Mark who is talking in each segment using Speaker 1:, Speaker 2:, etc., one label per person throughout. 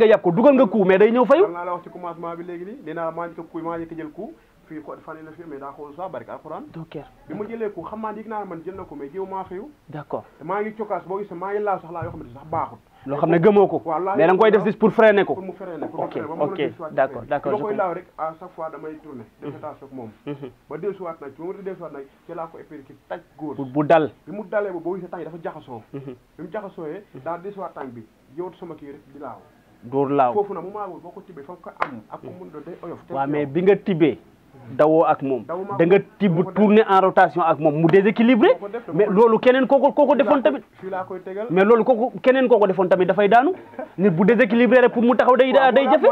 Speaker 1: nga yàpp
Speaker 2: man jël na ko mais jiw maa fayu d'accord maa ngi cokkaas boo gisee maa ngi laal sax laa yoo xam ne sax baaxut
Speaker 1: da koy def juste pour freiner ko ko bu dal
Speaker 2: bi mu dalee ba boo gisee tànk yi dafa jaxasoo mhm. bi mu jaxasooyee mhm. daa dellusiwaat tànk bi jëwatu sama kii rek di laaw
Speaker 1: dóor laaw foofu nag
Speaker 2: moment boo ko tibbee nga ko
Speaker 1: am bi nga tibbee dawoo ak moom da nga tibb tourner en rotation ak moom mu déséquilibré mais loolu keneen kooko kooko defoon tamit mais loolu kooko keneen kooko defoon tamit dafay daanu nit bu déséquilibré rek pour mu taxaw day day jafe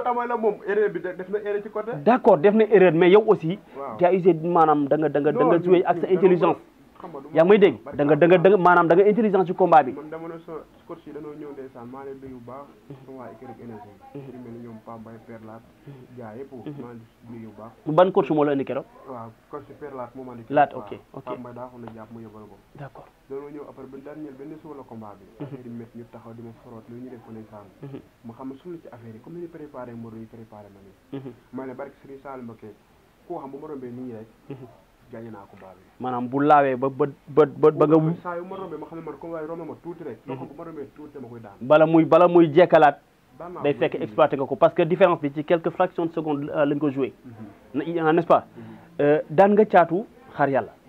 Speaker 1: d' accord def na erreur mais yow aussi tu as usé maanaam da nga da nga intelligence
Speaker 2: yaa ngi may dégg da nga da nga da
Speaker 1: nga maanaam da nga ci combat bi. man
Speaker 2: dama ne so coach yi dañoo ñëw ndeysaan maa leen nuyu bu baax. sama mhm. mhm. mhm. ban coach moo la ma indi. laat ok ok ko na jàpp mu yóbbal ko. d' accord dañoo ñëw après ba daan ñëw benn suba la combat bi. affaire yi métti ñu taxaw di ma forot lu ma xam ne suñu ci affaire yi comme ni ñu préparé Modou ñu préparé ma nii. ma ne barke Serigne Sall Mbacké ma gagné naa
Speaker 1: maanaam bu laawee ba ba ba ba ba nga.
Speaker 2: saa yu ma rombee ma xam ne man comme waaye romb
Speaker 1: bala muy bala muy jekkalaat. day fekk exploité nga ko parce que différence bi ci quelques fractions de seconde euh, lañ ko joué. Mhm. Euh, nest pas. Mhm. Euh, daan nga caatu xar yàlla. Mhm.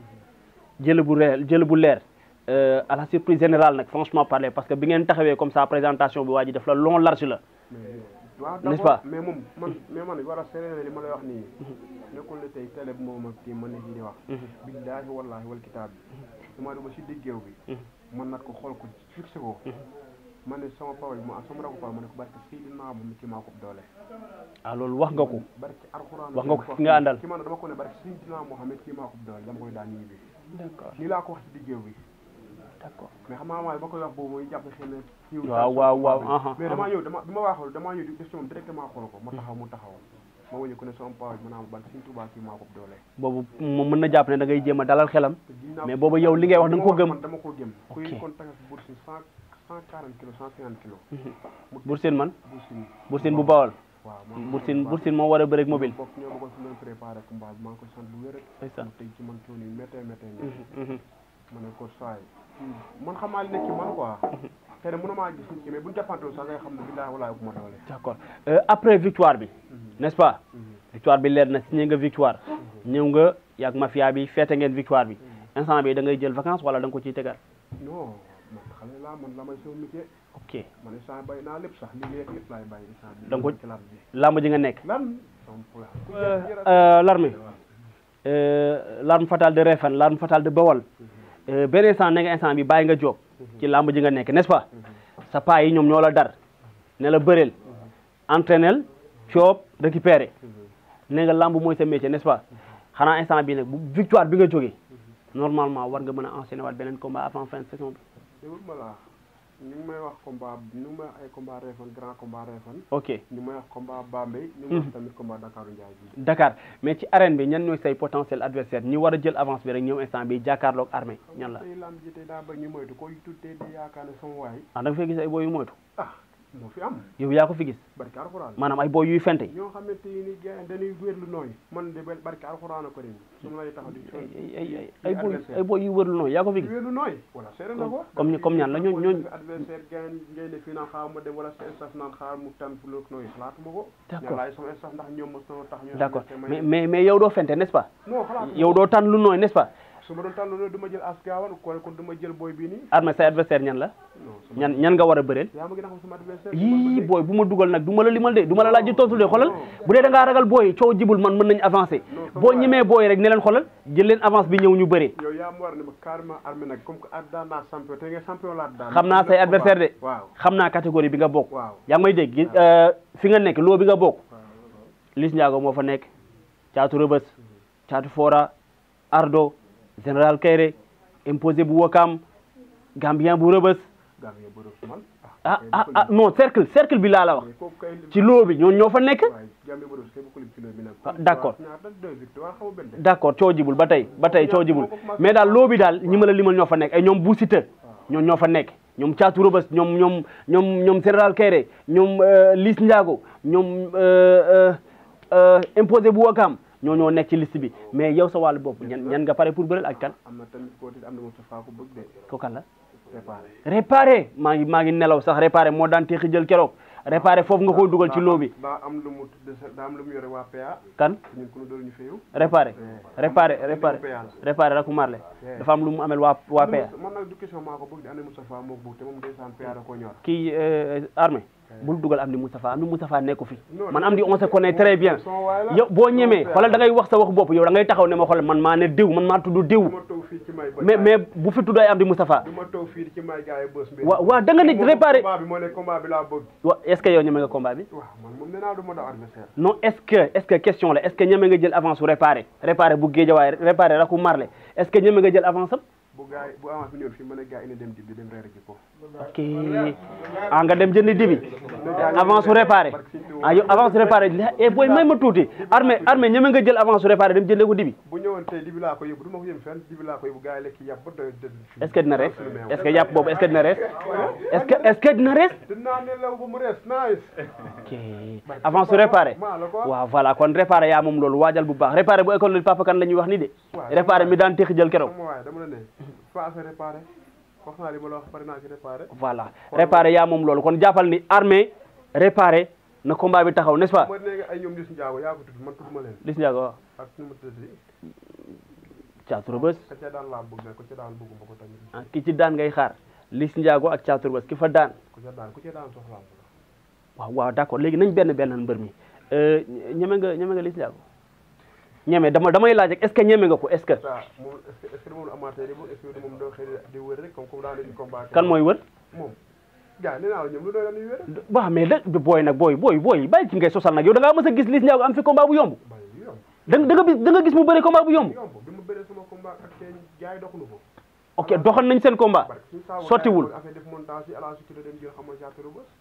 Speaker 1: jël bu jël bu leer. à la surprise générale nag franchement parler parce que bi ngeen taxawee comme ça présentation bi waa daf la long large la.
Speaker 2: waaw n'est-ce pas mais moom man mais man war a seree ma lay wax nii nekkul ne tey télé bi moom ak kii mën na ji di wax billaahi wallaahi wal kitaab bi dama duma si déggéew bi man nag ko xool ko fixé ko ma ne sama pawa bi ma sama rako pawa ne ko barke Seydina moom ci maa ko doole ah loolu wax nga ko barke alxuraan wax nga ko ki nga àndal ci man dama ko ne barke Seydina Mohamed kii maa ko doole dama koy daan ñibbi d'accord nii laa ko wax ci diggéew bi d' accord mais xam nga waaye ba koy wax boobu mooy jàpp xëy na. waaw waaw waaw mais damaa ñëw dama bi ma waxoon damaa ñëw di def ci moom directement xool ko. ma taxaw mu taxaw ma wëññi ko ne sama paa bi ma naan ban suñ tubaab kii maa ko doole. boobu moom
Speaker 1: mën na jàpp ne da ngay jéem a dalal xelam. mais boobu yow li ngay wax da nga ko gëm.
Speaker 2: dama ko gëm kuy kon taxaw si Bour Sine cent cent quarante kilos cent cinquante kilos. Bour Sine man. Bour Sine bu Bawol. waaw Bour Sine Bour Sine moo war a bëreeg mobile. bokk ñoo ma ko fi may préparé combat bi maa ngi koy sant bu wér. tey ci man coono yu méttee méttee. ma ne ko saa yi man xam naa nekk man quoi. xam ne billahi walaay ma dawale. d' accord
Speaker 1: euh, après victoire bi. Mhm. n' est ce pas. Mhm. victoire bi leer na signé nga victoire. Mhm. ñëw nga yàgg mafia bi feete ngeen victoire bi. instant bi da ngay jël vacance wala danga ko ciy tegal.
Speaker 2: non xam laa la may sama naa lépp sax li léegi lépp laay bàyyi instant bi. ko
Speaker 1: làmb ji nga nekk.
Speaker 2: lan euh,
Speaker 1: euh, l'armée l'arme fatale de Réfane l'arme fatale de Bawol. Euh, benn instant ne nga instant bi bàyyi nga job mhm. ci làmb ji nga nekk n'est-ce pas mhm. sa paa yi ñoom ñoo la dar ne la bëreel mhm. entraînel coob récupéré ne nga làmb mooy sa métier n'est-ce pas xanaa instant bi nag bu victoire bi nga jógee normalement war nga mën a enchaîner waat beneen combat avant fin saison
Speaker 2: ñu ngi may wax combat ñu ngi may wax ay combat Réfane grand combat Réfane. ok ñu may wax combat Bambey. ñu ngi mhm. wax tamit combat Dakaru Ndiaye bi.
Speaker 1: Dakar mais ci arène bi ñan ñooy say potentiel adversaire ñi war a jël avance bi rek ñoom instant bi jàkkaarloog armée ñan la. tey
Speaker 2: lamb ji tey daa
Speaker 1: ah, yu moytu.
Speaker 2: Ah. moo fi yow yaa ko maanaam ay boo yuy fente ñoo xamante ni dañuy ñaan la ñooñ ñooñ adversaire gan ngay
Speaker 1: ne doo fente n'est-ce pas doo tànn lu nooy n'est-ce
Speaker 2: su ma doon tànn ma ma jël booy bii nii.
Speaker 1: armé say adversaire ñan la. ñan nga war a bëreel.
Speaker 2: yaa ma gën a xam
Speaker 1: yii booy bu ma dugal nag du ma la limal de du ma la laaj ji tootul de xoolal bu dee da ngaa ragal booy coow jibul man mën nañ avancé boo ñemee booy rek ne leen xoolal jël leen avance bi ñëw ñu bëree.
Speaker 2: yow yaa ma war ne ma carrément armé nag comme que daan xam naa say adversaire de.
Speaker 1: xam naa catégorie bi nga bokk. waaw yaa ngi may dégg euh, fi nga nekk loo bi nga bokk. Liss Ndiago moo fa nekk caatu rëbës caatu fora ardo général Kairé imposé bu Wakaam Gambien bu Rëbës. ah a ah, ah non cercle bi laa la wax ci loo bi ñoo fa nekk
Speaker 2: d' accord d'
Speaker 1: accord coo jibul ba tey ba tey coo jibul mais daal loo bi daal ñi ma la limal ñoo fa nekk ay ñoom buusita ñoon ñoo fa nekk ñoom caatu rëbës ñoom ñoom ñoom ñoom général Kairé ñoom euh, Liis Njaago ñoom euh, euh, imposé bu wakaam ñoo ñoo nekk ci liste bi mais yow sa wàllu bopp ñan ñan nga pare pour bëreel ak kan.
Speaker 2: am na tamit kootit na Moustapha ko bëgg de.
Speaker 1: kan la. réparé maa ngi maa ngi nelaw sax réparé moo daan teex jël keroog. réparé foofu nga ko dugal ci loo bi.
Speaker 2: daa am lu mu daa lu mu yore waa PA. kan ñun ku ñu doon ñu fayu. réparé eh. réparé réparé
Speaker 1: réparé rek Marley eh. dafa am lu mu amel waa waa PA.
Speaker 2: man nag du ko bëgg de am na Moustapha moo bëgg
Speaker 1: te moom bul dugal am di Moustapha am di Moustapha nekku fi man am di on se connaît très bien
Speaker 2: bo
Speaker 1: boo wala da ngay wax sa wax bopp yow da ngay taxaw né ma xol man ma né diw man ma tuddu diw mais mais bu fi tudd ay am di Moustapha waaw waaw da nga ne réparé
Speaker 2: waaw
Speaker 1: est ce que yow ñeme nga combat bi wa
Speaker 2: man duma adversaire
Speaker 1: non est ce que est ce que question la est ce que ñeme nga jël avance réparer réparer bu réparer réparé raku marlé est ce que ñeme nga jël avance
Speaker 2: bu gaay bu avance bi ñëw fii mën gaay indi dem di dem réré ci ko parce que ah, nga
Speaker 1: dem jëndi dibi avance su réparé ah yow avance su réparé eh booy may ma tuuti armée armée ñeme nga jël avance su réparé dem jëndee ko dibi.
Speaker 2: bu ñëwoon tey dibi laa ko yóbbu du ma ko yóbbu fenn dibi ko yóbbu gars yi lekk yàpp
Speaker 1: dina rees est ce que yàpp dina rees est ce dina rees.
Speaker 2: ok avance su réparé waaw
Speaker 1: voilà kon réparé yaa moom loolu waajal bu baax réparé bu école papa kan la ñuy wax ni de.
Speaker 2: réparé mi daan teq jël keroog. wax naa li ma la wax
Speaker 1: pare naa loolu kon jàppal ni armée réparé na combat bi taxaw n'est-ce pas. mooy
Speaker 2: ne ay ñoom Liss Ndiago yaa ko tudd man ko ca daan bëgguma ko tamit.
Speaker 1: ah ki ci daan ngay xaar Liss Ndiago ak Caatu ki fa daan.
Speaker 2: ku ca daan ku ca daan
Speaker 1: waaw waaw léegi nañ benn benn mbër mi euh, ñeme nga ñeme nga Liss Ndiago. ñeme dama damay laaj rek est que ñeme nga ko est-ce que. kan mooy wër. waaw mais da booy nag booy booy booy bàyyi ci ngay sosal nag yow da ngaa a gis Liss Ndiago am fi combat bu yomb. da nga da nga gis mu bëri combat bu yomb. ok doxal nañ seen combat. sottiwul.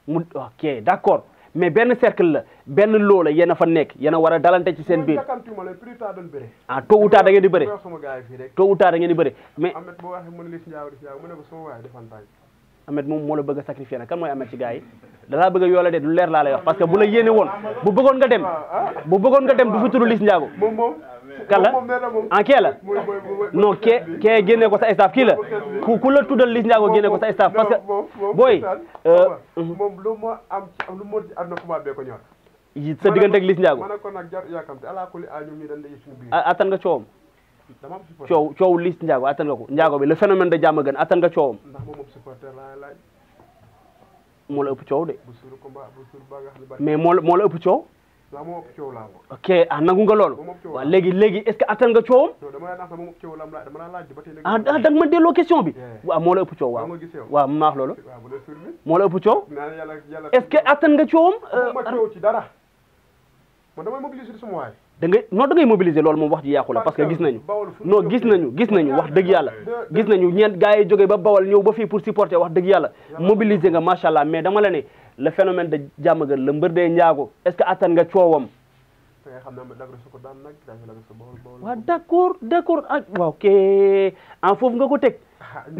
Speaker 1: mu ok d'accord. mais benn cercle la benn loo la a fa nekk yéen a war a dalante ci seen biir ah tôt ou ngeen di bëre tôt ou ngeen di bëre mais moom moo la bëgg sacrifier nag kan mooy Amet ci gars yi dalaa bëgg yoola de lu leer laa lay wax parce que bu la yéene woon bu bëggoon nga dem bu bëggoon nga dem du fi tudd Liss Ndiago
Speaker 2: kan la en kee ah, la non kee
Speaker 1: kee génne ko sa staff kii la ku ku la tuddal Liss Ndiago génne ko sa staff parce
Speaker 2: que euh, lu ma am ci am lu ma am na combat bee ko ñor
Speaker 1: sa diggante ak Liss Ndiago attan nga coowam coow coow Liss Ndiago attan nga ko Ndiago bi le phénomène de jàmm gën attan nga coowam moo la ëpp coow de
Speaker 2: mais moo moo la ëpp
Speaker 1: coow ok ah nangu nga loolu waaw léegi léegi est ce que nga coowam ah, ah da nga ma delloo question bi waaw moo la ëpp coow waaw waaw ma wax loolu
Speaker 2: moo la ëpp coow est ce que attan nga coowam euh,
Speaker 1: da ngay non da ngay mobiliser loolu moom wax ji yàqu la parce que gis nañu non gis nañu gis nañu wax dëgg yàlla gis nañu ñeent gars yi jógee ba bawal ñëw ba fii pour supporter wax dëgg yàlla mobiliser nga macha allah mais dama la ne le phénomène de jamagal le mbër dee njaago est-ce que atane nga ciowam wa d'accord d'accord ak ok en fof nga ko tek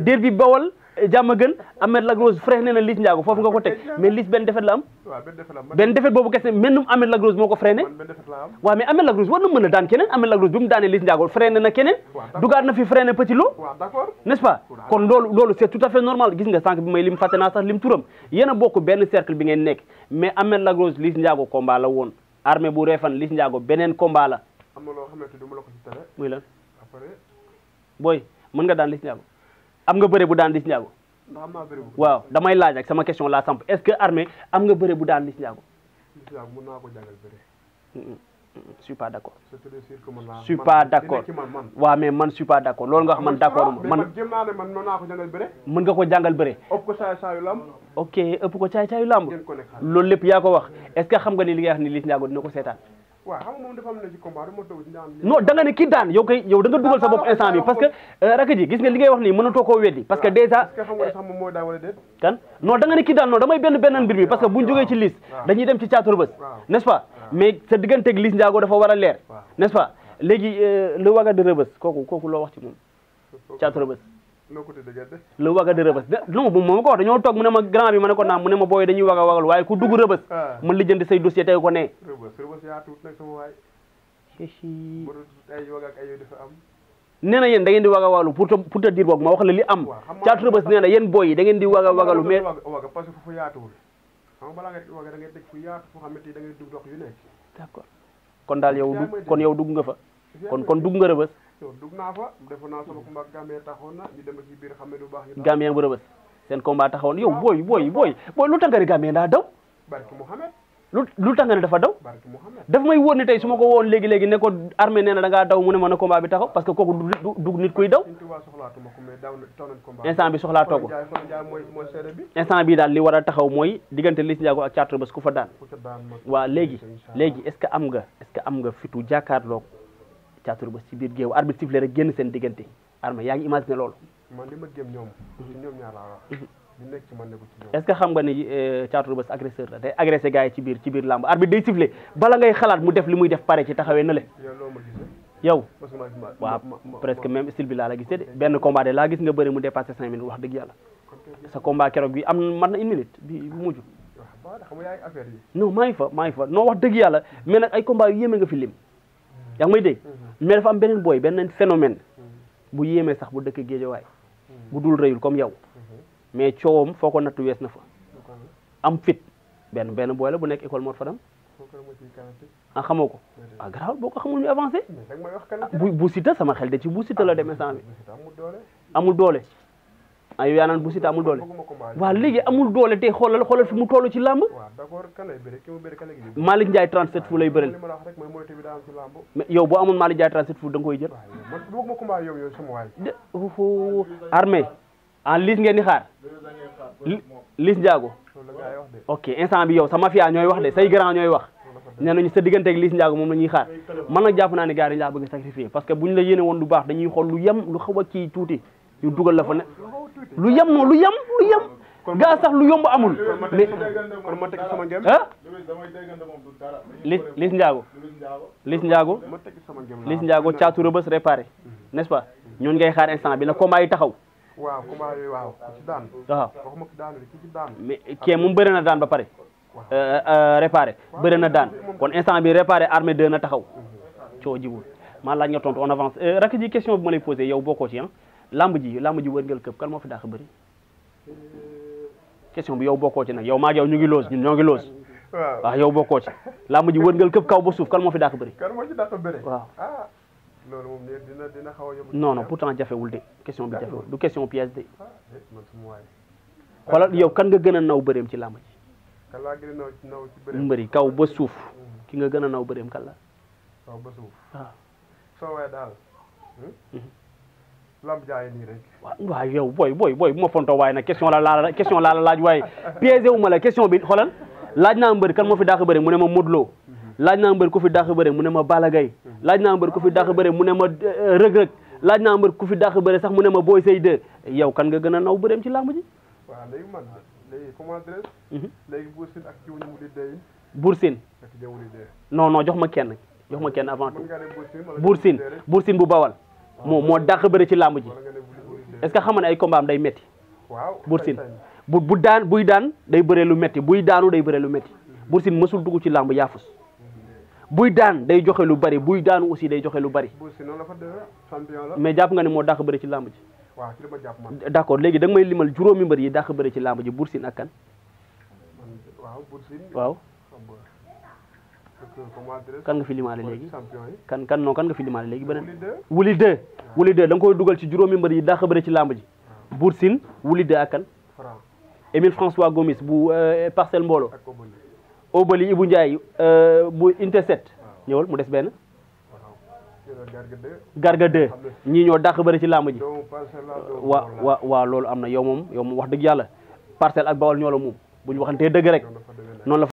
Speaker 1: derbi Bawol jàmm gën Ahmed Lagrose frais nee na Liss foofu nga ko teg mais Liss benn defet la am benn defet boobu kese mennum Ahmed Lagrose moo ko freiné waaw mais Ahmed Lagrose war mën a daan keneen Ahmed Lagrose bi mu daanee Liss Ndiago freiné na keneen dugaat na fi freiné Petit Lo nest pas kon loolu loolu c'est tout à fait normal gis nga sànq bi may lim fàtte naa sax lim turam yéen a bokk benn cercle bi ngeen nekk mais am na daan Liss Ndiago am nga bëre bu daan Liss Ndiago waaw damay laaj rek sama question laa samp est-ce que armée am nga bëre bu daan Liss Ndiago
Speaker 2: mën naa ko jàngal pas d'accord je pas d'accord waaw
Speaker 1: mais man je pas d'accord loolu nga wax man d'accord ma man ko jàngal bëre mën nga ko jàngal bëre
Speaker 2: ko ok ëpp ko caay caayu lamb
Speaker 1: loolu lépp yaa ko wax est-ce que xam nga ni li nga wax ni ko seetaan
Speaker 2: waaw xam nga moom dafa am na ci combat du ma toog ci non
Speaker 1: da nga ne kii daan yow kay yow da nga dugal sa bopp instant bi parce que euh, raka ji gis nga li wax nii mënatoo koo weddi parce que déjà xam kan non da nga ne daan non damay benn bennan mbir parce que bu ñu ci liste dañuy dem ci caatu Rebeuss nest mais sa digganteeg liste Ndiago dafa war a leer n'est-ce pas euh, waga de Rebeuss kooku kooku loo wax ci moom caatu Rebeuss
Speaker 2: la
Speaker 1: waga de rëbës non bu moom ko wax dañoo toog mu ne ma grand bi ma ne ko naam mu ne ma booy dañuy waga wagal waaye ku dugg rëbës
Speaker 2: ah. ma lijjanti
Speaker 1: say dossier tey ko ne nee na yéen da ngeen di waga wagalu pour te pour te dire boog ma wax la li am caatu rëbës nee na yéen booy yi da ngeen di waga wagalu mais
Speaker 2: waga parce que foofu yaatuwul xam nga balaa da ngay teg fu
Speaker 1: da kon daal yow kon yow dugg nga fa kon kon dugg nga rëbës
Speaker 2: yow dugg ba fa defoon naa sama combat Gambien
Speaker 1: seen combat taxawoon yow booy booy booy booy lu tax nga ne Gambien daw. lu lu tax dafa daw.
Speaker 2: barki daf may
Speaker 1: wóor ni tey su ma ko woon léegi léegi ne ko armée nee na da ngaa daw mu ne ma ne combat bi taxaw parce que kooku du du daw.
Speaker 2: instant bi soxlaatoo ko.
Speaker 1: instant bi daal li war a taxaw mooy diggante Liss Ndiago ak a Rebeuss ku fa daan. waaw léegi léegi est-ce que am nga est-ce que am nga fitu jàkkaarloog caaturu ba ci biir géew arbitre sifflé a génn seen diggante Armé yaa ngi imaginer loolu.
Speaker 2: man li ma mhm. est que
Speaker 1: xam nga ni caaturu euh, ba agresseur la day agressé gars yi ci biir ci biir làmb arbitre day sifflé bala ngay xalaat mu def li muy def pare ci taxawee na le. yow
Speaker 2: waaw presque
Speaker 1: même style laa la gisee de benn combat de laa gis nga bëri mu dépassé cinq minutes wax dëgg yàlla sa combat keroog bi am man na une minute bi bu mujj non maa ngi fa maa ngi fa non wax yaa ngi may dégg mm-hmm. mais dafa am beneen booy beneen phénomène mm-hmm. bu yéemee sax bu dëkk géejawaay mm-hmm. bu dul rëyul comme yow mais coowam foo ko nattu wees na fa am fit benn benn booy la bu nekk école Mor Fadam ah xamoo ko ah garaawul boo ko xamul ñu avancé ah, bu bu sita sama xel de ci bu sita la demee ah, sant bi amul doole ay yanan bu Siteu amul doole wa léegi amul doole te xolal xolal fi mu toll ci lamb malik ndjay 37 fu lay beurel
Speaker 2: yow bo amul malik
Speaker 1: ndjay 37 fu dang koy jël armée en liste ngeen ni xaar liste ndjago ok instant bi yow sa mafia ñoy wax de say grand ñoy wax nee sa digënté ak liste ndjago mom lañuy xaar man nak japp naani gaari bëgg sacrifier parce que buñ la yéne won lu baax dañuy xol lu yam lu xawa ci touti ñu duggal la fa
Speaker 2: lu yem moom lu yem lu yem
Speaker 1: gaa sax lu yomb amul
Speaker 2: mais ah
Speaker 1: lis lis njaago lis njaago
Speaker 2: lis njaago caatu
Speaker 1: rëbës réparé mm-hmm. n'est-ce pas ñun ngay xaar instant bi na combat yi taxaw
Speaker 2: waaw moom bëri na
Speaker 1: daan ba pare euh, euh, réparé bëri na daan kon instant bi réparé armée deux a taxaw mm-hmm. coo jibul maa laaj nga tontu on avance euh, rakk ji question ma lay posé yow bokkoo ci ah làmb ji làmb ji wërngal këpp kan moo fi dàq bëri question bi yow bokkoo ci nag yow maag yow ñu ngi loos ñun ñoo ngi loos waaw waaw ah, yow bokkoo ci làmb ji wërngal këpp kaw ba suuf kan moo fi dàq bëri kan
Speaker 2: moo ci waaw ah, loolu moom dina xaw a yóbbu non
Speaker 1: jafewul de question bi jafewul du question pièce de ah, xoolal yow kan nga gën a naw bëreem ci làmb ji
Speaker 2: kan laa gën mbëri
Speaker 1: kaw ba suuf mm-hmm. ki nga gën a naw bëreem kan la
Speaker 2: lamb jaay nii rek.
Speaker 1: waaw yow booy booy booy bu ma fontoo waaye nag question la laaj question la laaj waaye piégé wu ma la question bi xoolal laaj naa mbër kan moo fi dàq bëre mu ne ma Modou Lo laaj naa mbër ku fi dàq bëre mu ne ma Balla Gaye laaj naa mbër ku fi dàq bëre mu ne ma euh, Reug Reug laaj naa mbër ku fi dàq bëre sax mu ne ma Boy Seye 2 yow kan nga gën a naw bëreem ci lamb ji.
Speaker 2: waaw léegi ñu wuli dee. Bour Sine. ak non non jox ma kenn
Speaker 1: jox ma kenn avant tout.
Speaker 2: Bour Sine Bour Sine bu
Speaker 1: bawal moo moo dàq bëre ci làmb ji est-ce que xam nga ne ay combat am day metti Bour Sine bu bu daan buy daan day bëre lu metti buy daanu day bëree lu metti Bour Sine mësul dugg ci làmb yaafus buy daan day joxe lu bari buy daanu aussi day joxe lu bari mais jàpp nga ne moo dàq bëre ci làmb ji
Speaker 2: waaw ci ma jàpp man. d'accord léegi da nga may limal
Speaker 1: juróomi mbër yi dàq bëre ci làmb ji Bour Sine ak kan. waaw kan nga fi limaale léegi kan kan non kan nga fi limaale léegi beneen wuli 2 wuli 2 da nga koy dugal ci juróomi mbër yi dàq bëri ci làmb ji ah. Bour Sine wuli 2 ak kan Émile François Gomis bu euh, parcelle mboolo Obali Ibou Ndiaye euh, bu Intercept ah. ñëwal mu des benn garga 2 ñii ñoo dàq bëri ci làmb ji waa waa waaw loolu am na yow moom yow moom wax dëgg yàlla parcelle ak bawal ñoo la moom bu waxantee dëgg rek noonu la